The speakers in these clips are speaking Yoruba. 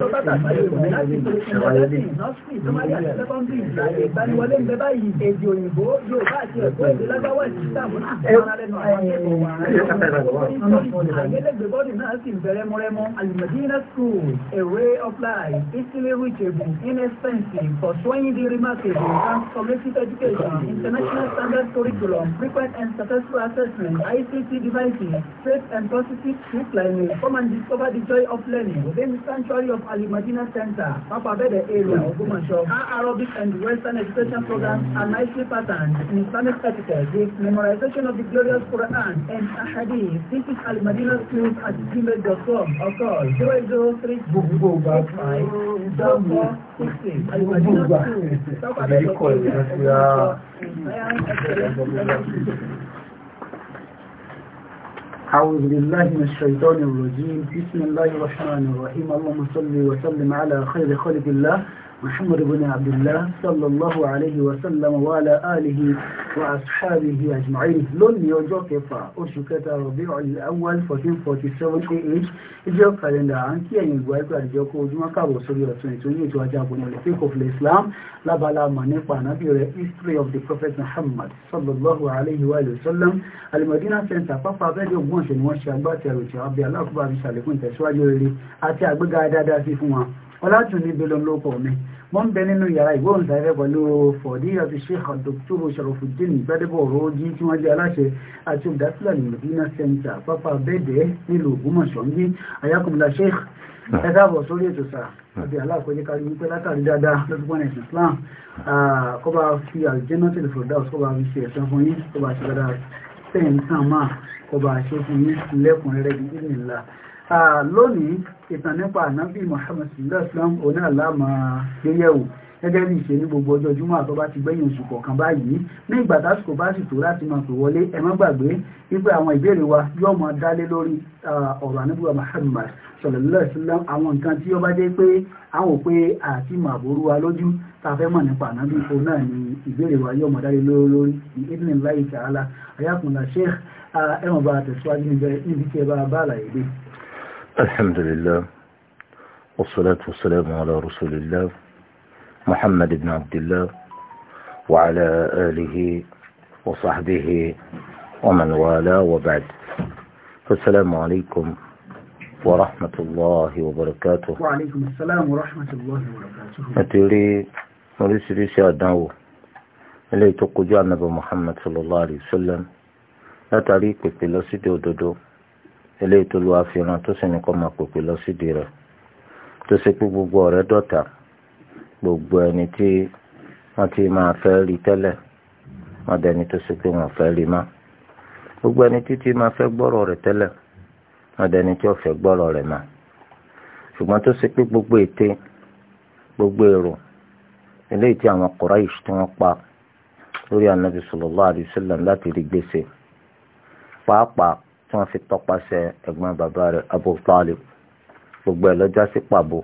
of life, easily reachable, inexpensive, pursuing the remarkable, transformative education, international standard curriculum, frequent and successful assessment, ICT devices, safe and positive street learning. Come and discover the joy of learning within the sanctuary of Al-Madina Center, Papa Bede area of Gumasho, our Arabic and Western education programs are nicely patterned in Islamic etiquette with memorization of the glorious Quran and Ahadith. This is Al-Madina Schools at gmail.com or call 003 Al-Madina Schools, Papa Bede أعوذ بالله من الشيطان الرجيم بسم الله الرحمن الرحيم اللهم صل وسلم على خير خلق الله محمد بن عبد الله صلى الله عليه وسلم وعلى آله وأصحابه أجمعين لن يوجو كفا أشكة ربيع الأول 1447 AH إجو قلن عن كي أن يقوى أرجو كوجو مكابو سوري رسولي توني يتواجبون في الإسلام لبلا منفع نبي History of the Prophet محمد صلى الله عليه وآله وسلم المدينة سنتا فافا بيدي وانشن وانشن باتي روشي عبد الله أكبر بشالكون تسواجه لي أتي أبقى دادا في فوان ọlátùn ní belon ló pọ̀ mi mo ń bẹ nínú yàrá ìgbóhùnsáfẹ́ pẹ̀lú fọ̀dí àti sheikh dr sharafudin gbadebo rogi tí wọ́n jẹ́ aláṣẹ àti olùdásílẹ̀ ní medina center pápá bẹ́ẹ̀dẹ̀ nílùú ògbómọ̀ṣọ́ ń bí sheikh ẹ káàbọ̀ sórí ètò sáà àti aláàkọ́jẹ́ kárí wípé látàrí dáadáa lọ́dúnpọ̀n ẹ̀sìn islam kọba fi aljanna al-firdaus kọba fi ṣe ẹ̀sán fún yín kọba ṣe dáadáa sẹ́yìn sáà kọba ṣe fún yín lẹ́kùnrin rẹ̀ bí ìnìlá lónìí ìtàn nípa ànábì Muhammad sallallahu alaihi wasallam oní àlámà gbéyẹ̀wò gẹ́gẹ́ bí ìṣe ní gbogbo ọjọ́ júmọ́ àtọ́bá ti gbẹ̀yìn oṣù kọ̀ọ̀kan báyìí ní ìgbà tásìkò bá sì tó láti máa pè wọlé ẹ má gbàgbé wípé àwọn ìbéèrè wa yóò máa dálé lórí ọ̀rọ̀ àníbùwà Muhammad sallallahu alaihi wasallam àwọn nǹkan tí ó bá jẹ́ pé àwọn òpé àti màbúrú wa lójú ta fẹ́ mọ̀ nípa ànábì o náà ni ìbéèrè wa yóò máa dálé lórí ní ìdílé láyé tààlà ayákùnlá sheikh ẹmọ̀ bá tẹ̀síwájú níbi tí ẹ bá bá àlàyé dé الحمد لله والصلاة والسلام على رسول الله محمد بن عبد الله وعلى آله وصحبه ومن والاه وبعد السلام عليكم ورحمة الله وبركاته وعليكم السلام ورحمة الله وبركاته أتري مريس ريسي أدنو إلي تقجع نبي محمد صلى الله عليه وسلم أتريك بالله سيدي ودودو eléyìí tó lu àfihàn tó sì ní kọ́ máa pèpè lọ sídìí rẹ̀ tó ṣe pé gbogbo ọ̀rẹ́ dọ̀tá gbogbo ẹni tí wọ́n ti máa fẹ́ rí tẹ́lẹ̀ wọ́n dẹni tó ṣe pé wọ́n fẹ́ rí má gbogbo ẹni tí ti máa fẹ́ gbọ́rọ̀ rẹ̀ tẹ́lẹ̀ wọ́n dẹni tí ó gbọ́rọ̀ rẹ̀ má ṣùgbọ́n tó ṣe pé gbogbo ète gbogbo èrò eléyìí tí àwọn Quraish tí wọ́n pa lórí Ànábì sallallahu alaihi wasallam láti rí gbèsè pàápàá tí wọ́n fi tọpasẹ̀ ẹ̀gbọ́n bàbá rẹ̀ Abu Talib gbogbo ẹ̀ lọ́jà sí pàbó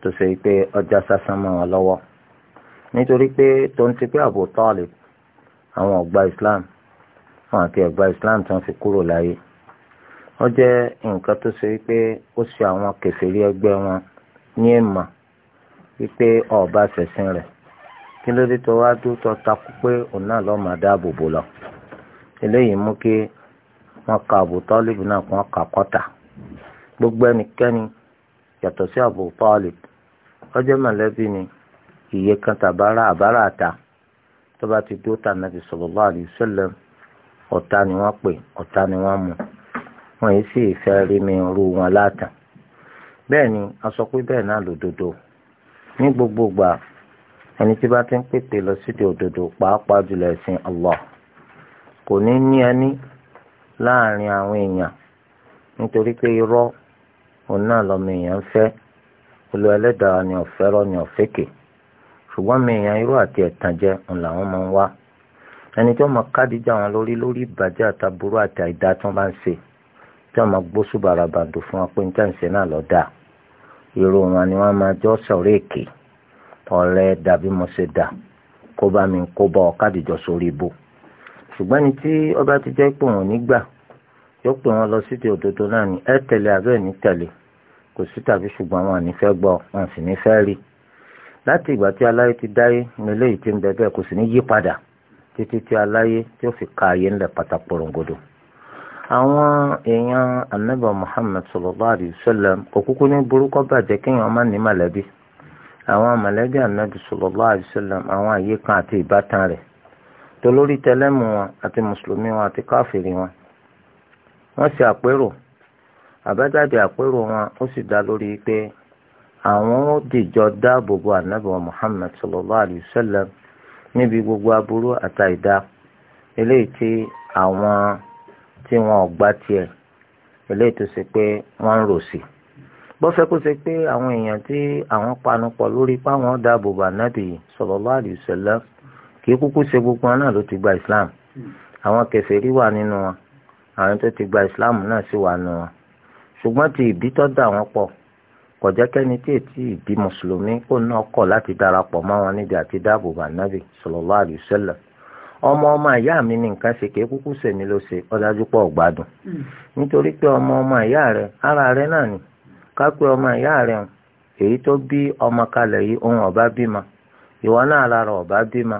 tó ṣe pé ọjà sásán mọ́ wọn lọ́wọ́ nítorí pé tó ń ti pé Abu Talib àwọn ọgbà Islam wọn àti ọgbà Islam tí wọ́n fi kúrò láyé wọ́n jẹ́ nǹkan tó ṣe pé ó ṣe àwọn kèfèrí ẹgbẹ́ wọn ní ìmọ̀ wípé ọba ṣẹ̀sìn rẹ̀ kí ló dé tó wá dúró tó takú pé òun náà lọ́ọ́ máa dáàbò bò lọ eléyìí mú kí wọn ka Abu Talib náà kí wọn kà kọ́tà gbogbo ẹnikẹ́ni yàtọ̀ sí Abu Talib ọjọ́ mọ̀lẹ́bí ni iye kan tàbára àbára àta tó bá ti dó tà nàbì sallallahu alaihi wasallam ọ̀tá ni wọ́n pè ọ̀tá ni wọ́n mú wọn yìí sì fẹ́ rí mi rú wọn látàn bẹ́ẹ̀ ni a sọ pé bẹ́ẹ̀ náà lòdodo ní gbogbo gbà ẹni tí bá ti ń pèpè lọ sídìí òdodo pàápàá jùlọ ẹ̀sìn Allah kò ní ní ẹni láàrin àwọn èèyàn nítorí pé irọ́ òun náà lọ́mọ èèyàn ń fẹ́ olú ẹlẹ́dàá ni ọ̀fẹ́ rọ́ ni ọ̀fẹ́kè ṣùgbọ́n mi èèyàn irọ́ àti ẹ̀tànjẹ òun làwọn máa ń wá ẹni tí wọ́n máa kádìjà wọn lórí lórí ìbàjẹ́ àtàbúrò àti àìdá tí wọ́n bá ń ṣe tí wọ́n máa gbóṣù bàràbàdò fún wọn pé ní tẹ̀sí náà lọ́ọ́ dà irú wọn ni wọ́n máa jọ sọ̀rọ̀ èké ọ̀rẹ́ dàbí mo ṣe dà kó bá mi kó bá kádìjọ sórí ibò ṣùgbọ́n ní tí ọba ti jẹ́ pé wọn nígbà yóò pè wọn lọ sídìí òdodo náà ni ẹ tẹ̀lé abẹ́ ní tẹ̀lé kò sí tàbí ṣùgbọ́n wọn ní fẹ́ gbọ́ wọn sì ní fẹ́ rí láti ìgbà tí aláyé ti dáyé ní eléyìí ti ń bẹ bẹ́ẹ̀ kò sì ní yí padà títí tí aláyé tí ó fi ka ayé ńlẹ̀ pátá àwọn èèyàn anábà Muhammad sallallahu alaihi wasallam òkúkú ní burúkọ bàjẹ́ kéèyàn má ní mọ̀lẹ́bí àwọn mọ̀lẹ́bí anábì sallallahu alaihi wasallam àwọn àyè kan àti ìbátan rẹ̀ tolórí tẹlẹ́mù wọn àti mùsùlùmí wọn àti káfìrí wọn wọ́n ṣe àpérò àbájáde àpérò wọn ó sì dá lórí pé àwọn ó dìjọ dáàbò bo ànábì wa Muhammad sallallahu alayhi wa sallam níbi gbogbo aburú àtàìdá eléyìí tí àwọn tí wọn ò gbá tiẹ̀ eléyìí tó ṣe pé wọ́n ń rò sí bó fẹ́ kó ṣe pé àwọn èèyàn tí àwọn panupọ̀ lórí pé àwọn dáàbò bo ànábì sallallahu alayhi kì í kúkú ṣe gbogbo wọn náà ló ti gba islam àwọn kèfèrí wà nínú wọn àwọn tó ti gba islam náà sì wà nínú wọn ṣùgbọ́n ti ìbí tó dà wọ́n pọ̀ kò jẹ́ kẹ́ni tí ètí ìbí mùsùlùmí kò náà kọ̀ láti darapọ̀ mọ́ wọn níbi àti dáàbò bá nábì sallallahu alaihi ọmọ ọmọ ìyá mi ní nǹkan ṣe kì í kúkú sèmi ló ṣe ọdájú pọ̀ gbádùn nítorí pé ọmọ ọmọ ìyá rẹ ara rẹ náà ni ká pé ọmọ ìyá rẹ èyí tó bí ọmọ kalẹ̀ yìí ohun ọ̀bá bímọ ìwọ náà lára ọ̀bá bímọ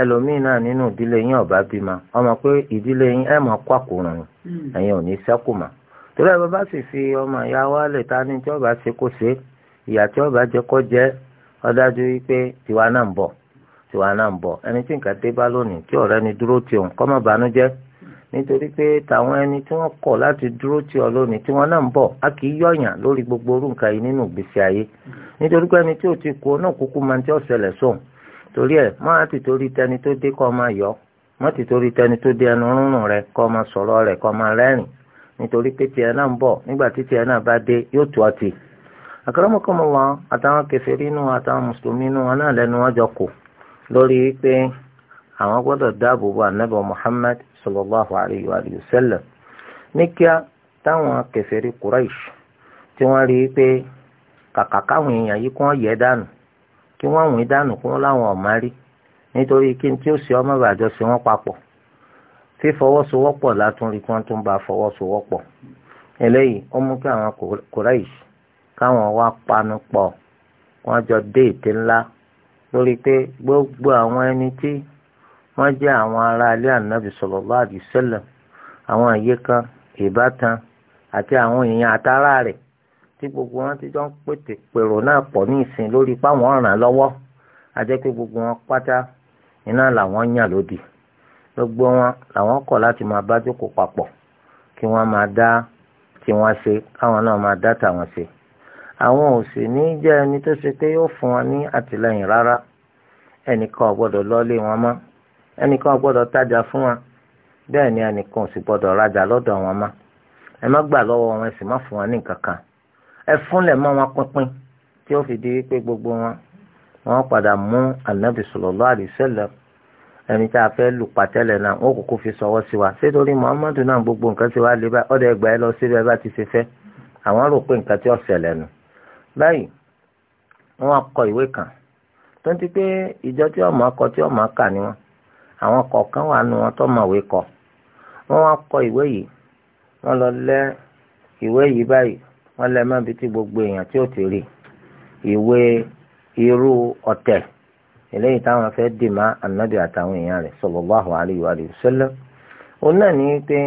ẹlòmíín náà nínú ìdílé yín ọba bímọ ọmọ pé ìdílé yín ẹ mọ kó àkóràn hmm. ẹ̀yin ò ní sẹ́kù mọ́ torí ẹ bá sì fi ọmọ ìyá wa lè ta ní tí ọba ṣe kó ṣe ìyá tí ọba jẹ kó jẹ ọdájú wípé tiwa náà ń bọ̀ tiwa náà ń bọ̀ ẹni tí nǹkan dé bá lónìí tí ọ̀rẹ́ ni dúró ti òun kó má banújẹ́ nítorí pé tàwọn ẹni tí wọ́n kọ̀ láti dúró ti ọ lónìí tí wọ́n náà ń bọ̀ a kì í yọ̀yàn lórí gbogbo orú nǹkan yìí nínú ìgbésí ayé hmm. nítorí pé ẹni tí ò ti kú ọ náà kúkú máa ń tí ó ṣẹlẹ̀ sóun torí ẹ̀ má ti torí tẹni tó dé kọ́ máa yọ má ti torí tẹni tó dé ẹnu rúnrún rẹ kọ́ máa rẹ kọ́ máa nitori nítorí pé tiẹ̀ náà ń nígbà tí náà bá dé yóò tù ti. àkàràmọ́kọ́mọ́lá àtàwọn kèfèrí nù àtàwọn mùsùlùmí nù wọn náà lẹ́nu wọn jọ kù lórí pé àwọn gbọ́dọ̀ dáàbò bo ànábì sallallahu alayhi wa sallam ní kíá táwọn kí wọ́n wìn dànù kí wọ́n láwọn ọ̀má rí nítorí kí n tí ó sì ọmọ ìbàjọ́ sí wọ́n papọ̀ fífọwọ́sowọ́pọ̀ látún rí kí wọ́n tún bá fọwọ́sowọ́pọ̀ eléyìí ó mú kí àwọn Quraysh káwọn wá panu pọ̀ wọ́n jọ dé ète ńlá lórí pé gbogbo àwọn ẹni tí wọ́n jẹ́ àwọn ará ilé ànábì sallallahu alaihi wasallam àwọn àyíká ìbátan àti àwọn èèyàn àtàrà rẹ̀ tí gbogbo wọn ti jọ ń pètè pèrò náà pọ̀ ní ìsìn lórí páwọn ọ̀ràn lọ́wọ́ a jẹ́ pé gbogbo wọn pátá iná làwọn yàn lódì gbogbo wọn làwọn kọ̀ láti máa bá jókòó papọ̀ kí wọ́n máa dá tí wọ́n ṣe káwọn náà máa dá tàwọn ṣe àwọn ò sì ní jẹ́ ẹni tó ṣe pé yóò fún wọn ní àtìlẹ́yìn rárá ẹnìkan ò gbọ́dọ̀ lọ́lé wọn mọ́ ẹnìkan ò gbọ́dọ̀ tajà fún wọn bẹ́ẹ̀ ni ẹnìkan ò sì gbọ́dọ̀ rajà lọ́dọ̀ wọn mọ́ ẹ má gbà lọ́wọ́ wọn ẹ sì má fún wọn ní nǹkan kan ẹ fúnlẹ̀ mọ́ wọn pínpín tí ó fi di wípé gbogbo wọn wọn padà mú ànábì sallallahu alaihi wasallam ẹni tá a fẹ́ lù pàtẹ́lẹ̀ náà wọn kúkú fi sọwọ́ sí wa ṣé torí muhammadu náà gbogbo nǹkan ti wá lé bá ọ̀dọ̀ ẹgbàá ẹ lọ síbẹ̀ bá ti ṣe fẹ́ àwọn rò pé nǹkan tí ó ṣẹlẹ̀ nù báyìí wọn kọ ìwé kan tó ń ti pé ìjọ tí ọmọ kọ tí ọmọ kà ni wọn àwọn kọ̀ọ̀kan wà nù wọn tó mọ̀ ìwé kọ wọn wá kọ ìwé yìí wọn lọ lẹ ìwé yìí báyìí wọ́n lẹ́ bi tí gbogbo èèyàn tí ó ti rí ìwé irú ọ̀tẹ̀ eléyìí táwọn fẹ́ dì má ànábì àtàwọn èèyàn rẹ̀ sallallahu alayhi wa sallam òun náà ní pé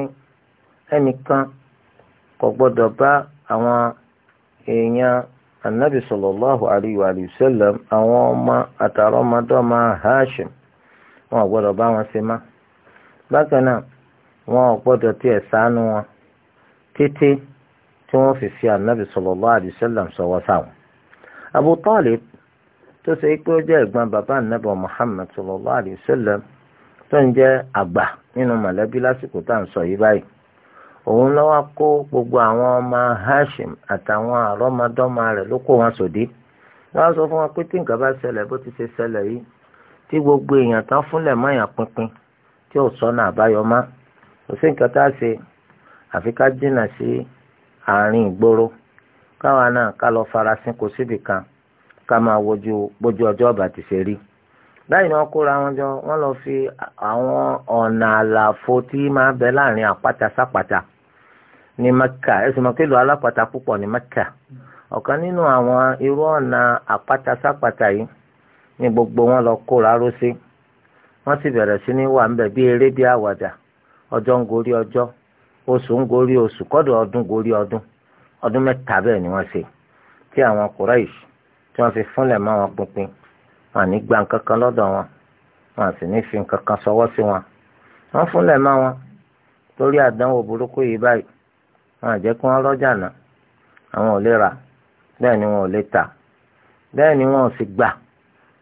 ẹnìkan kò bá àwọn èèyàn ànábì sallallahu alayhi wa àwọn ọmọ wọn tí wọ́n fi fi ànábì sallallahu alaihi wasallam sọ̀wọ́ sáwọn. Abu Talib tó ṣe pé ó jẹ́ ẹ̀gbọ́n bàbá ànábì Muhammad sallallahu alaihi wasallam tó ń jẹ́ àgbà nínú mọ̀lẹ́bí lásìkò tá à ń sọ yìí báyìí. òun lọ́wọ́ kó gbogbo àwọn ọmọ Hashim àtàwọn àrọ́mọdọ́mọ rẹ̀ ló kó wọn sòdí. wọ́n sọ fún wọn pé tí nǹkan bá ṣẹlẹ̀ bó ti ṣe ṣẹlẹ̀ yìí tí gbogbo èèyàn tán fúnlẹ̀ mọ́yàn pinpin tí ò sọ́nà àbáyọ mọ́ kò sí nǹkan tá a ṣe àfi ká jìnnà sí àárín ìgboro káwa náà ká lọ farasin kó síbì kan ká máa wojú bójú ọjọ́ ọ̀bà ti ṣe rí báyìí ni wọ́n kóra wọn jọ wọ́n lọ fi àwọn ọ̀nà àlàfo tí máa bẹ láàrin àpáta sápáta ní Mẹ́kà ẹ̀sìn mọ́ kílò alápàtà púpọ̀ ní Mẹ́kà ọ̀kan nínú àwọn irú ọ̀nà àpáta sápáta yìí ni gbogbo wọn lọ kóra ró sí wọ́n sì bẹ̀rẹ̀ sí ní wà ń bẹ̀ bí eré bí àwàdà ọjọ́ ń gorí ọjọ́ oṣù ń gorí oṣù kọ́dọ̀ ọdún gorí ọdún ọdún mẹ́ta bẹ́ẹ̀ ni wọ́n ṣe tí àwọn Quraysh tí wọ́n fi fúnlẹ̀ mọ́ wọn pinpin wọn ní gba nǹkan kan lọ́dọ̀ wọn wọn sì ní fi nǹkan kan sọwọ́ sí wọn wọ́n fúnlẹ̀ mọ́ wọn lórí àdánwò burúkú yìí báyìí wọn àjẹ́ kí wọ́n rọ́jà náà àwọn ò lè rà bẹ́ẹ̀ ni wọn ò lè tà bẹ́ẹ̀ ni wọn ò sì gbà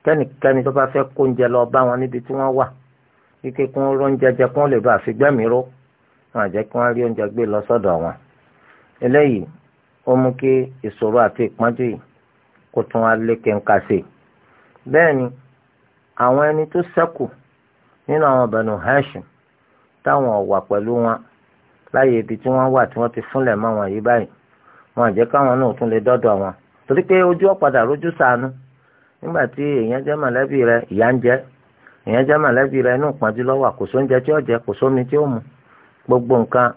kẹ́nikẹ́ni tó bá fẹ́ kóúnjẹ lọ bá wọn níbi tí wọ́n wà kíkẹ́ kí wọ́n rọ́ńjẹ wọn àjẹ́ kí wọ́n rí oúnjẹ gbé lọ sọ́dọ̀ wọn eléyìí ó mú kí ìṣòro àti ìpọ́njú yìí kó tún wá lékè ń kásì bẹ́ẹ̀ àwọn ẹni tó sẹ́kù nínú àwọn Banu Hashim táwọn ọ̀wà pẹ̀lú wọn láyé ibi tí wọ́n wà tí wọ́n ti fúnlẹ̀ mọ́ wọn yìí báyìí wọn káwọn náà tún lè dọ́dọ̀ wọn torí ojú ọ̀padà rojú sànú nígbà tí gbogbo nǹkan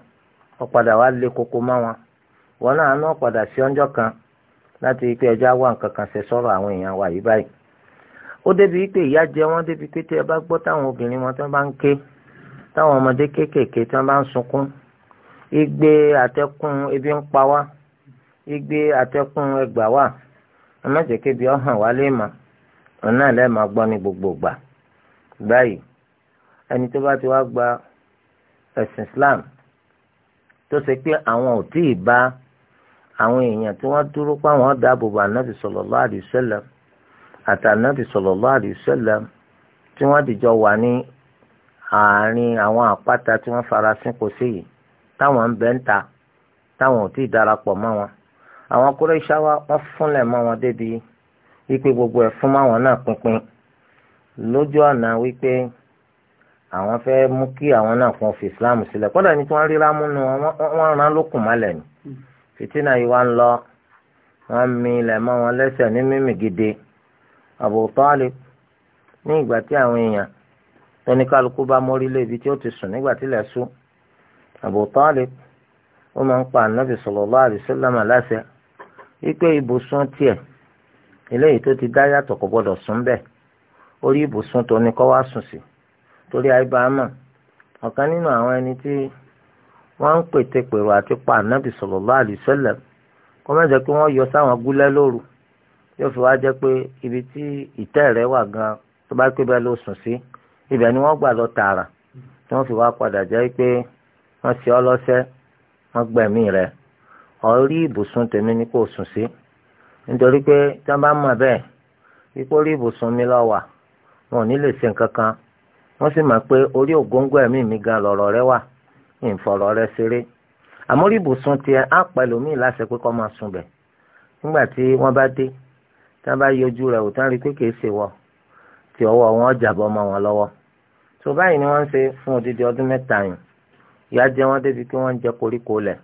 ọ̀padà wa lé koko mọ́ wọn wọn náà ná ọ̀padà sí ọjọ́ kan láti ike pé ẹjọ́ á wà nǹkan kan ṣe sọ̀rọ̀ àwọn èèyàn wa yìí báyìí ó débi pé ìyà jẹ wọ́n débi pé tí ẹ bá gbọ́ táwọn obìnrin wọn tí wọ́n bá ń ké táwọn ọmọdé kéékèèké tí wọ́n bá ń sunkún igbe àtẹkùn ebi ń pa wá igbe àtẹkùn ẹgbà wá ọmọdékébí ọ̀hàn wá lè mà ọ̀nà lẹ́ẹ̀ máa gbọ́ ní gbogbo ìgbà báyìí ẹni tó bá ti wá gba ẹ̀sìn Islam tó ṣe pé àwọn ò tí ì bá àwọn èèyàn tí wọ́n dúró páwọn dáàbò bá anábì sallallahu alaihi wasallam àtànábì sallallahu alaihi wasallam tí wọ́n dìjọ wà ní àárín àwọn àpáta tí wọ́n fara sínkò sí yìí táwọn ń bẹ ń ta táwọn ò tí ì darapọ̀ mọ́ wọn àwọn kúrẹ́ṣáwá wọ́n fúnlẹ̀ mọ́ wọn débi wípé gbogbo ẹ̀ fún máwọn náà pínpín lójú ọ̀nà wípé. àwọn fẹ́ mú kí àwọn náà kún fi islam sílẹ̀ kódà ní tí wọ́n rí rámú nu wọ́n rán lókùn mọ́lẹ̀ ni hmm. fìtínà yìí wá ń lọ wọ́n mi ilẹ̀ mọ́ wọn lẹ́sẹ̀ ní mímì gidi Abu Talib ní ìgbà tí àwọn èèyàn tóníkálukú bá mórí lébi tí ó ti sùn nígbà tí ilẹ̀ sú Abu Talib ó máa ń pa ànábì sallallahu alaihi wasallam láṣẹ wípé ibùsùn tiẹ̀ eléyìí tó ti dá yàtọ̀ kò gbọdọ̀ sùn bẹ́ẹ̀ orí ibùsùn tó ní kó wá sùn sí torí àìbámọ̀ ọ̀kan nínú àwọn ẹni tí wọ́n ń pètè pèrò àti pa ànábì sallallahu alaihi wasallam kó má jẹ́ pé wọ́n yọ sáwọn gúlẹ́ lóru yóò fi wá jẹ́ pé ibi tí ìtẹ́ rẹ̀ wà gan tó bá pé bẹ́ẹ̀ ló sùn sí ibẹ̀ ni wọ́n gbà lọ tààrà tí wọ́n fi wá padà jẹ́ pé wọ́n ṣe ọ́ lọ́sẹ́ wọ́n gbẹ̀mí rẹ̀ ọ̀rí ibùsùn tèmi ni kò sùn sí nítorí pé tí wọ́n bá mọ̀ bẹ́ẹ̀ ipò rí ibùsùn mi lọ wà wọn ò ní lè ṣe nǹkan kan wọ́n sì mọ̀ pé orí ògóńgó ẹ̀mí mi gan lọ̀rọ̀ rẹ wà ìfọ̀rọ̀ rẹ ṣeré àmórí ibùsùn tiẹ̀ á pẹ̀lú míì láṣẹ pé kọ́ máa sùn bẹ̀ nígbà tí wọ́n bá dé tí wọ́n bá yọjú rẹ̀ òtán rí pé kìí ṣe wọ tí ọwọ́ wọn jàbọ́ mọ́ wọn lọ́wọ́ tó báyìí ni wọ́n ń ṣe fún odidi ọdún mẹ́ta yìí ìyà jẹ wọ́n débi pé wọ́n ń jẹ koríko lẹ̀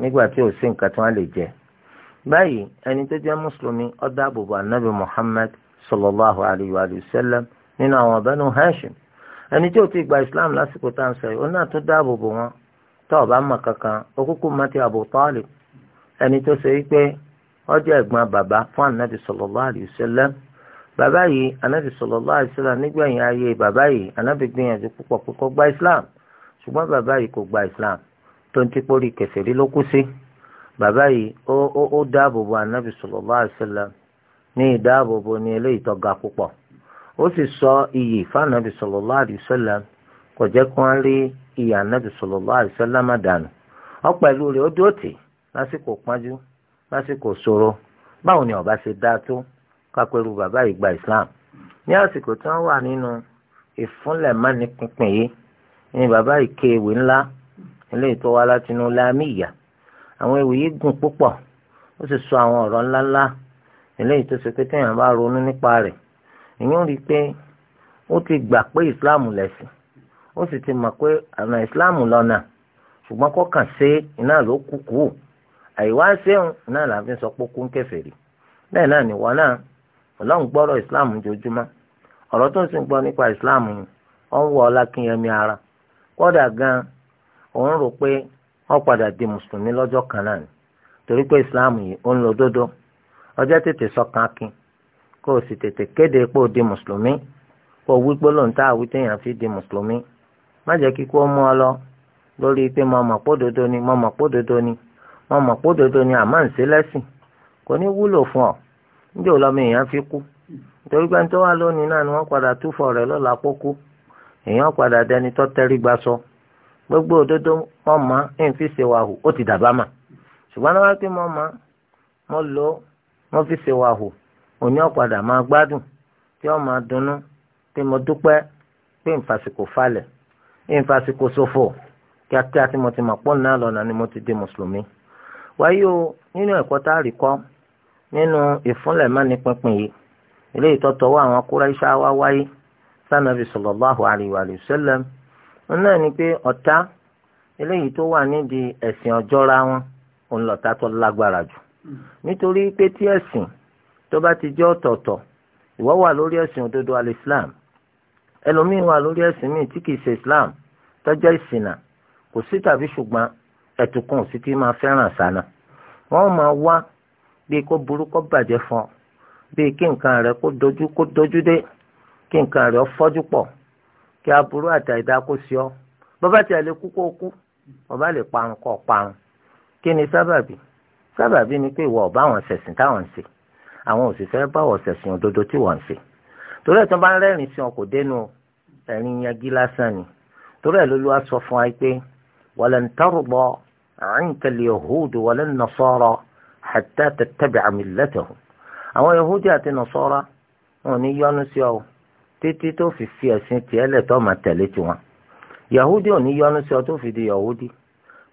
nígbà tí ò sí nǹkan tí wọ́n lè jẹ báyìí ẹni tó jẹ́ mùsùlùmí ó dáàbò bo ànábì Muhammad sallallahu alayhi wa sallam nínú àwọn Banu Hashim ẹni tí ò ti gba islam lásìkò tá à ń sọ yìí òun náà tó dáàbò bò wọn tó ọba mọ̀ kankan okúkú má ti Abu Talib ẹni tó ṣe wípé ó jẹ́ ẹ̀gbọ́n bàbá fún anabi sallallahu alayhi wa sallam bàbá yìí anabi sallallahu alayhi wa sallam nígbẹ̀yìn ayé bàbá yìí anabi gbìyànjú púpọ̀ pé gba islam ṣùgbọ́n bàbá yìí kò gba islam tó ń ti pórí kèfèrí ló kú sí bàbá yìí ó ó ó dáàbò bo anabi sallallahu alayhi wa sallam ní ìdáàbò bo ní eléyìí tó ga púpọ̀ ó sì sọ iyì fáànàbì sallallahu alaihi wasallam kò jẹ́ kí wọ́n rí iyì ànàbì sallallahu alaihi wasallam má dànù ọ pẹ̀lú rẹ̀ ó dúró tì lásìkò pọ́njú lásìkò ṣòro báwo ni ọba ṣe dá tó kápẹ́rù bàbá ìgbà Islam ní àsìkò tí wọ́n wà nínú ìfúnlẹ̀ mọ́ni pínpín yìí ní bàbá ìké ewì ńlá ilé ìtọ́ wa látinú lámìyà àwọn ewì yìí gùn púpọ̀ ó sì sọ àwọn ọ̀rọ̀ ńláńlá ilé ìtọ́sọ pé téèyàn bá ronú nípa rẹ̀ èèyàn rí i pé ó ti gbà pé islam lẹ̀sìn ó sì ti mọ̀ pé islam lọ́nà ṣùgbọ́n kó kàn ṣe iná ló kú kú àìwá ṣéun náà là ń fi sọ pé kún kèfèrí bẹ́ẹ̀ náà nìwọ náà ọlọ́run gbọ́rọ̀ islam jojúmọ́ ọ̀rọ̀ tó ń sìn islam yìí ó ń wọ ara kódà gan òun rò pé wọ́n padà di mùsùlùmí lọ́jọ́ kan náà torí pé islam yìí ó ń lo ọjọ́ tètè kó o sì tètè kéde pé o di mùsùlùmí kó o wí gbólóhùn tá a wí fi di mùsùlùmí má jẹ́ kíkú ó mú ọ lọ lórí pé mo mọ̀ pó ni mo mọ̀ pó dodo ni mo mọ̀ pó dodo ni àmọ́ ǹsẹ́ lẹ́sìn kò ní wúlò fún ọ níjẹ́ èèyàn fi kú nítorí pé tó wà lónìí náà ni wọ́n padà túfọ̀ rẹ̀ lọ́la pókú èèyàn padà dẹni tó tẹ́rí gba sọ gbogbo òdodo mo mọ̀ ń fi ṣe wàhù ti dàbá mà ṣùgbọ́n pé mo mọ̀ mo lò ó mo òní ọ̀padà máa gbádùn tí ó máa dunnú pé mo dúpẹ́ pé nfàsìkò falẹ̀ nfàsìkò ṣòfò kíákíá tí mo ti mọ̀ pọ́n náà lọ́nà ni mo ti di mùsùlùmí. wáyé o nínú ẹ̀kọ́ tá a rí kọ́ nínú ìfúnlẹ̀ mẹ́ni pínpín yìí ilé ìtọ́tọ̀wọ́ àwọn Quraysh wá wáyé sanabi sallallahu alayhi wa sallam náà ni pé ọ̀tá eléyìí tó wà nídìí ẹ̀sìn ọjọ́ra wọn òun lọ̀tá tó lágbára jù nítorí pé tí ẹ̀sìn tó bá ti jẹ́ ọ̀tọ̀ọ̀tọ̀ ìwọ wà lórí ẹ̀sìn òdodo al-Islam ẹlòmíín wà lórí ẹ̀sìn míì tí kìí ṣe Islam tọ́jọ́ ìsìnà kò sí tàbí ṣùgbọ́n ẹ̀tùkùn sí ti máa fẹ́ràn sànà wọ́n máa wá bíi kó burú kó bàjẹ́ fún ọ bíi kí nǹkan rẹ kó dojú kó dojú dé kí nǹkan rẹ fọ́jú pọ̀ kí aburú àtàìdá kó sí ọ bàbá tí a lè kú kó kú bàbá lè parun kó parun kí ni sábàbí sábàbí ni pé ìwọ ọba àwọn ṣẹ̀sìn táwọn ń ṣe àwọn òṣìṣẹ́ báwọ̀ sẹ̀sìn òdodo tí wọ́n ń ṣe torí ẹ̀ tó bá ń rẹ́rìn sí wọn kò dénú ẹ̀rín yagi lásán ni torí ẹ̀ lólu aṣọ fún wa pé walan tarda anka al-yahudu walan nasara hatta tattabi'a millatahum àwọn yahudi àti nasara wọn ò ní sí ọ títí tó fi fi ẹ̀sìn tiẹ̀ lẹ̀ tó máa tẹ̀lé tiwọn yahudi ò ní yọ́nú sí ọ tó fi di yahudi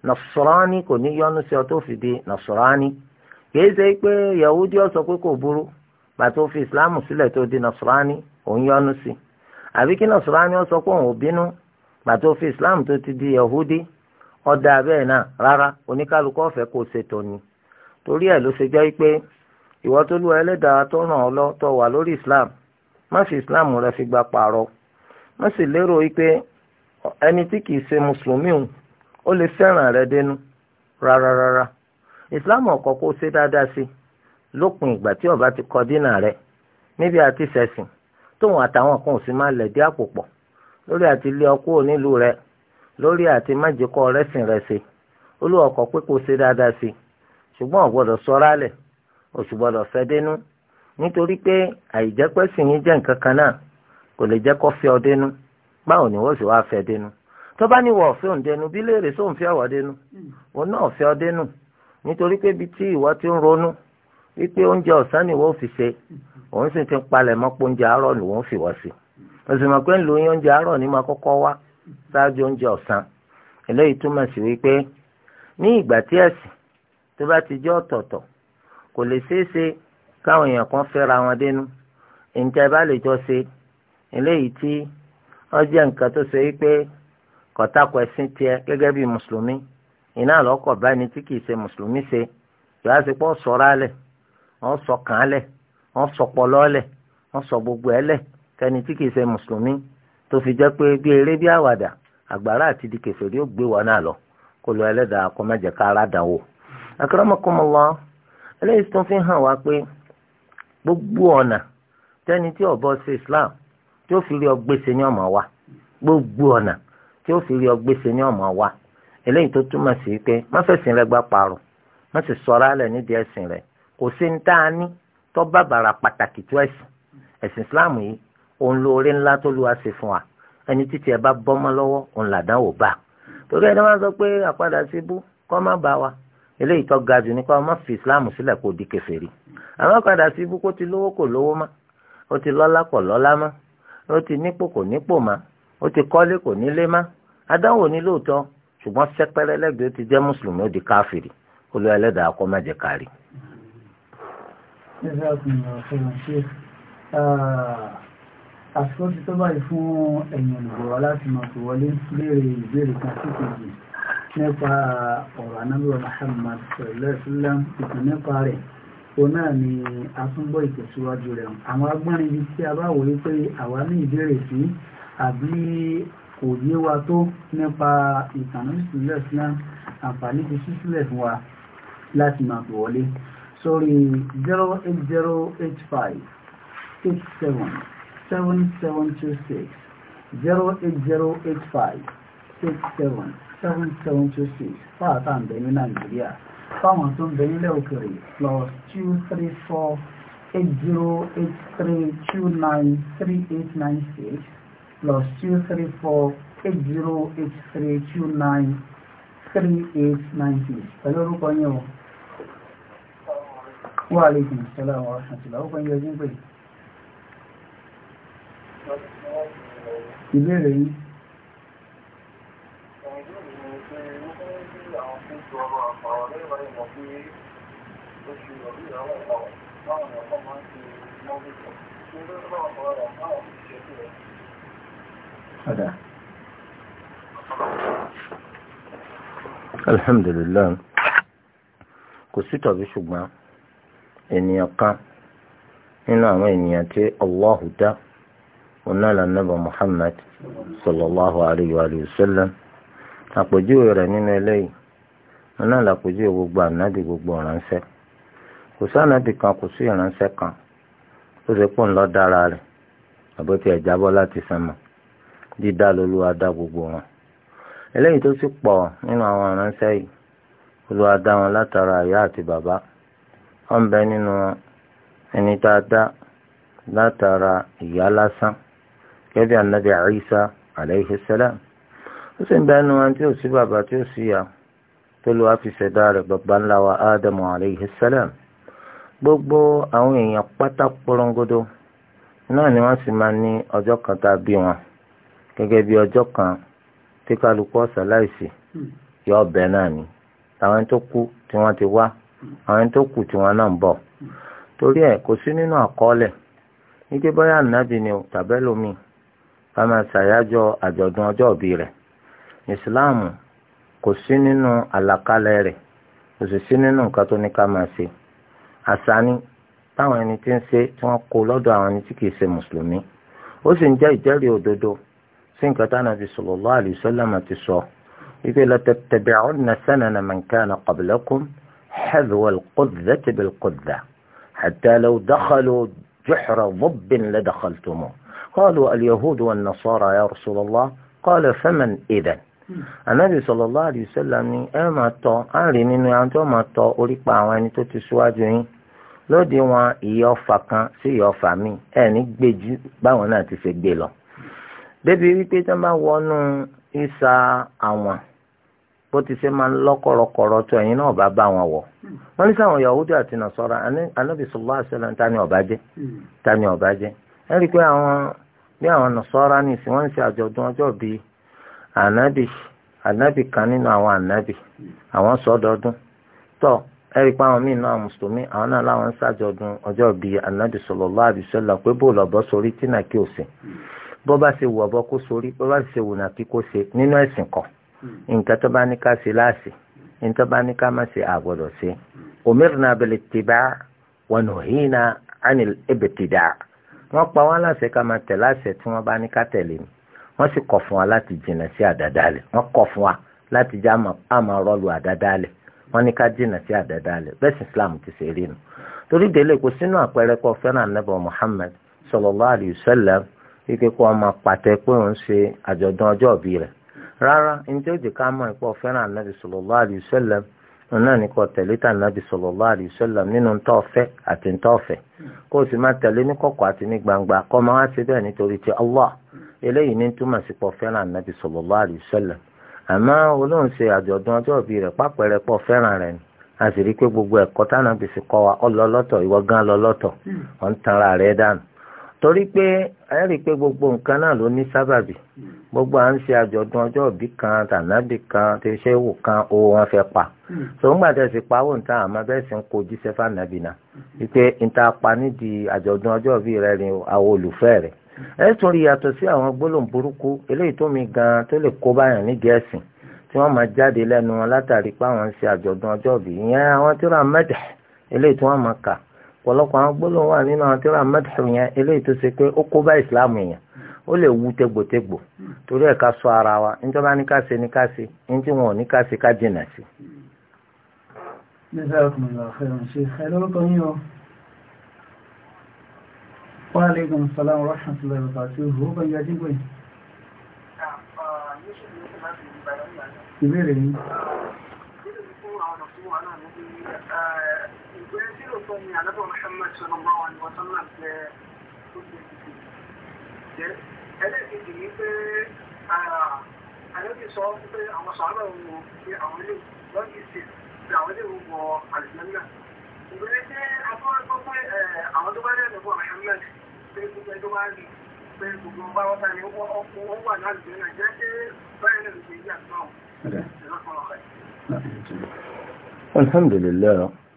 nasarani kò ní yọ́nú sí ọ tó fi di nasarani kìí ṣe pé yahudi ọsọ pé kò burú bàtà òfin islamu sílẹ̀ tó di nasrani òun yọ́nú sí àbí kí nasrani ọsọ pé òun ò bínú bàtà òfin islam tó ti di yahudi ọdà bẹ́ẹ̀ náà rárá oníkálukú ọfẹ kò ṣètò ni torí ẹ̀ ló ṣe jẹ́ pé ìwọ tó lù ẹlẹ́dàá tó ràn ọ́ lọ tó wà lórí islam má fi islam rẹ fi gba pààrọ̀ má sì lérò pé ẹni tí kìí ṣe mùsùlùmí o lè fẹ́ràn rẹ dénú rárá rárá. ra, ra. islam ọ̀kọ́ kó ṣe dáadáa sí lópin ìgbà tí ọba ti kọ dínà rẹ̀ níbi àti sẹ̀sìn tóun àtàwọn kan ò sì máa lẹ̀dí àpò pọ̀ lórí àti lé ọkú onílù rẹ̀ lórí àti májèkọ rẹ́sìn rẹ̀ ṣe olúwa pé kó ṣe dáadáa sí ṣùgbọ́n ò sọra lẹ̀ ò sì gbọ́dọ̀ dénú nítorí pé àìjẹ́pẹ́sìn yín jẹ́ nǹkan kan náà kò lè jẹ́ kó fẹ́ ọ dénú báwo ni wọ́n sì wá fẹ́ dénú tó bá ní wọ́n ọ̀fẹ́ òǹdẹnu bí léèrè sóun fẹ́ ọ̀wọ́ dénú òun náà ọ̀fẹ́ ọ dénú nítorí pé ibi tí ìwọ ti ń ronú wípé oúnjẹ ọ̀sán ni wọ́n fi ṣe òun sì ti ń palẹ̀ mọ́pọ̀ oúnjẹ àárọ̀ ni wọ́n fi wọ́ sí òsìmọ̀ pé ń lo oúnjẹ àárọ̀ ni máa kọ́kọ́ wá ṣáájú oúnjẹ ọ̀sán eléyìí túmọ̀ sí wípé ní ìgbà tí ẹ̀sìn tó bá ti jẹ́ ọ̀tọ̀ọ̀tọ̀ kò lè ṣeé ṣe káwọn èèyàn kan fẹ́ra wọn dénú ìǹtẹ́ bá lè jọ ṣe eléyìí tí wọ́n jẹ́ nǹkan tó ṣe wípé kọ̀tàkọ̀ ẹ̀sìn tiẹ̀ gẹ́gẹ́ bí mùsùlùmí iná àlọ́kọ̀ bá ẹni tí kìí ṣe mùsùlùmí ṣe yóò á ṣe pé wọ́n sọ̀rọ̀ wọ́n sọ kàn án lẹ̀ wọ́n sọ pọlọ́ lẹ̀ wọ́n sọ gbogbo lẹ̀ tí kìí ṣe fi jẹ́ pé bí eré bí àwàdà àgbàrá àti di kèfèrí gbé wọn náà lọ kó lọ ẹlẹ́dàá kó dàn wò. eléyìí tó hàn wá pé gbogbo ọ̀nà tẹ́ni tí ọ̀bọ ṣe islam tí ó fi rí ọgbẹ́sẹ̀ ní wa gbogbo ọ̀nà tí ó fi rí ọgbẹ́sẹ̀ ní wa eléyìí tó túmọ̀ sí pé má fẹ̀sìn rẹ gbá parọ̀ má sì sọ̀rọ̀ alẹ̀ nídìí ẹ̀sìn rẹ kò sí ní tá a ní tó bá bàrà pàtàkì tó ẹ̀sìn ẹ̀sìn Islam yìí òun lóore ńlá tó lu àṣẹ fún wa ẹni títí ẹ bá bọ́mọ lọ́wọ́ òun làdán ò bá torí ẹni máa sọ pé àpadà sí bú kọ́ má bá wa eléyìí tó ga jù ní kọ́ fi Islam sílẹ̀ kó di kèfèrí àwọn àpadà sí bú kó ti lówó kò lówó má ó ti lọ́lá kò lọ́lá má ó ti nípò kò nípò má ó ti kọ́lé kò nílé má àdánwò ni lóòótọ́ ṣùgbọ́n sẹ́pẹ́rẹ́ lẹ́gbẹ̀ẹ́ ti jẹ́ mùsùlùmí ó di káfìrí olú ẹlẹ́dàá kọ́ má jẹ́ kárí. àsìkò ti tó báyìí fún ẹ̀yìn olùgbọ̀wọ́ láti máa fi wọlé léèrè ìbéèrè kan sí kejì nípa ọ̀rọ̀ anábíwá Muhammad sallallahu alaihi wasallam ìtàn nípa rẹ̀ òun náà ni a tún gbọ́ ìtẹ̀síwájú rẹ̀ àwọn agbọ́nrin ibi tí a bá wòye pé àwa ní ìbéèrè sí àbí kò yé wa tó nípa ìtànà ìsìnlẹ̀ sí àǹfààní ti sísílẹ̀ fún wa láti máa pè wọlé sórí 08085 87 7726 08085 87 7726 fáàtà ń bẹ nàìjíríà fáwọn tó ń bẹ nílẹ̀ òkèrè plus 234 8083293896 plus two three four eight zero eight three two nine three eight nine six pẹ̀lú orúkọ yẹn o wà lẹ́kùn sọ́lá àwọn ọ̀ṣàtìlá ó pẹ̀lú ẹgbẹ́ pé ìbéèrè yìí Thank you. ọ̀dà. alhamdulilayi kò sí tàbí ṣùgbọ́n ènìyàn kan nínú àwọn ènìyàn tí allahu dá onáàlà nàbà muhammad sallallahu alayhi wa sallam àpèjúwe rẹ̀ na eléyìí onáàlà àpèjúwe gbogbo n'adi gbogbo ìránṣẹ́ kò sí kan kò sí kan ó ṣe pọ̀ ńlọ dára dídá lolúwa gbogbo wọn eléyìí tó sì pọ̀ nínú àwọn aránṣẹ́ yìí olúwa wọn látara ati àti bàbá wọn bẹ nínú ẹni tá a dá látara ìyá lásán gẹ́gẹ́ anabi Isa alayhi salam ó sì ń bẹ nínú wọn tí ò sí bàbá tí fi ńlá wa gbogbo àwọn èèyàn pátá porongodo náà ni sì máa ní kan gẹ́gẹ́ bí ọjọ́ kan tí kálukú ọ̀sán láìsí hmm. yọ ọbẹ̀ náà ni àwọn tó kú tí wọ́n ti wá àwọn tó kù tí wọ́n náà ń bọ̀ torí ẹ̀ kò sí nínú àkọọ́lẹ̀ nígbẹ́ bọ́yá ànábì ni tàbẹ́lómi bá máa ṣàyájọ́ àjọ̀dún ọjọ́ ìbí rẹ̀ ìsìláàmù kò sí nínú àlàkalẹ̀ rẹ̀ kò sì sí nínú nǹkan tó ní ká máa ṣe àṣà ni táwọn ẹni tí ń ṣe tí wọ́n kó lọ́dọ̀ àwọn ẹni tí kìí ṣe mùsùlùmí ó sì ń jẹ́ ìjẹ́rìí òdodo sí nǹkan táwọn àti sallallahu alaihi wasallam ti sọ wípé latattabi'unna sanana man kana qablakum hadwa al-qudhati bil-qudhah hatta law dakhalu juhra dhabbin ladakhaltumuh qalu al-yahudu wan-nasara ya rasulallah qala faman idhan anabi sallallahu alaihi wasallam ni ẹ máa tọ á rí nínú ẹni tó máa tọ orí pa àwọn ẹni tó ti síwájú yín lóde wọn ìyá kan sí ìyá ọfà míì ẹ ní gbèjú báwọn náà ti ṣe gbé lọ débi wípé tí wọ́n bá wọnú ìsà àwọn bó ti ṣe máa ń lọ tó ẹ̀yin náà bá bá wọn wọ wọn ní sáwọn Yahudi àti Nasara anábì sallallahu alaihi wasallam ta ni ọ̀bá jẹ́ ni ẹ rí i pé àwọn kan nínú àwọn anabi àwọn sọdọọdún tọ ẹ rí i pé àwọn míì náà mùsùlùmí àwọn náà láwọn ń bíi pé bó bó bá ṣe wù ọ̀bọ kó sórí bó bá ṣe wù nàkí kó ṣe nínú ẹ̀sìn kan hmm. nǹkan tó bá ní ká ṣe láàṣì nǹkan bá ní ká má ṣe àgbọ̀dọ̀ ṣe hmm. umirna bil ittiba' wa nuhina anil ibtida' wọ́n pa wá láṣẹ ká máa tẹ̀ láṣẹ tí wọ́n bá ní ká tẹ̀lé ni wọ́n sì kọ̀ fún wa láti jìnnà sí àdádálẹ̀ wọ́n kọ̀ fún wa láti já àmà rọ́ọ̀lù àdádálẹ̀ wọ́n ní ká jìnnà sí àdádálẹ̀ bẹ́ẹ̀ Islam ti ṣe rí nu torí délé kò sínú àpẹẹrẹ kọ fẹ́ràn anábọ̀ Muhammad sallallahu alayhi wa sallam kíkẹ́ kó ọmọ pàtẹ pé òun ṣe àjọ̀dún ọjọ́ ìbí rẹ̀ rárá njẹ́ òjì ká mọ̀ ipò fẹ́ràn anabi sallallahu alaihi wasallam náà ní kò tẹ̀lé tà anabi sallallahu alaihi wasallam nínú ntọ́ọ̀fẹ́ àti ntọ́ọ̀fẹ́ kó o sì máa tẹ̀lé ní kọ̀kọ̀ àti ní gbangba kó máa wá sí bẹ́ẹ̀ nítorí ti Allah eléyìí ní túmọ̀ sí pọ̀ fẹ́ràn anabi sallallahu alaihi wasallam àmọ́ olóhùn ṣe àjọ̀dún ọjọ́ ìbí rẹ̀ pápẹ́rẹ́ pọ̀ fẹ́ràn rẹ̀ ni a sì rí i pé gbogbo ẹ̀kọ́ tánàbì sì kọ́ wa ọ torí pé ẹ rí i pé gbogbo nǹkan náà ló ní sábàbí gbogbo à ń ṣe àjọ̀dún ọjọ́ òbí kan tànàbí kan tí ṣé wò kan o wọn fẹ́ pa so ńgbà tẹ̀ sí pawó níta àmọ́ bẹ́ẹ̀ sì ń kó jíṣẹ́ fànàbí náà wípé níta pa nídìí àjọ̀dún ọjọ́ òbí rẹ ni àwọn olùfẹ́ rẹ̀ ẹ tún rí yàtọ̀ sí àwọn gbólóhùn burúkú eléyìí tó mi gan tó lè kó báyàn nídìí ẹ̀sìn tí wọ́n máa jáde lẹ́nu wọn látàrí pé àwọn ń ọ̀pọ̀lọpọ̀ àwọn gbólóhùn wà nínú àwọn tíra mẹ́tìrì yẹn eléyìí tó ṣe pé ó kó bá ìsìláàmù yẹn ó lè wú tegbòtegbò torí ẹ̀ ká sọ ara wa níjọba ní ká ṣe ní ká ṣe ní tí wọn ò ní ká ṣe ká jìnà sí. Wa alaikum salaam wa rahmatullahi wa barakatuhu. Ó bá yá dígbò yìí. Uh, Ìbéèrè yìí. pé ni àlọ́bọ̀ Muhammad sallallahu alaihi wa sallam lẹ tó ṣe ìdìbò ẹlẹ́ẹ̀kejì ni pé àlọ́bí sọ pé àwọn sọ̀rọ̀ wo pé àwọn ilé wọ́n ti ṣe pé àwọn ilé wo wọ àlùjànnà ìgbẹ́ni pé akọ́rọ́kọ́ pé àwọn tó bá rẹ̀ lọ́bọ̀ Muhammad pé gbogbo ẹjọ́ bá rí pé gbogbo bá wọ́n ta ni ó wà láàrín Nàìjíríà jẹ́ báyìí lè ṣe ìyá náà. Alhamdulillah.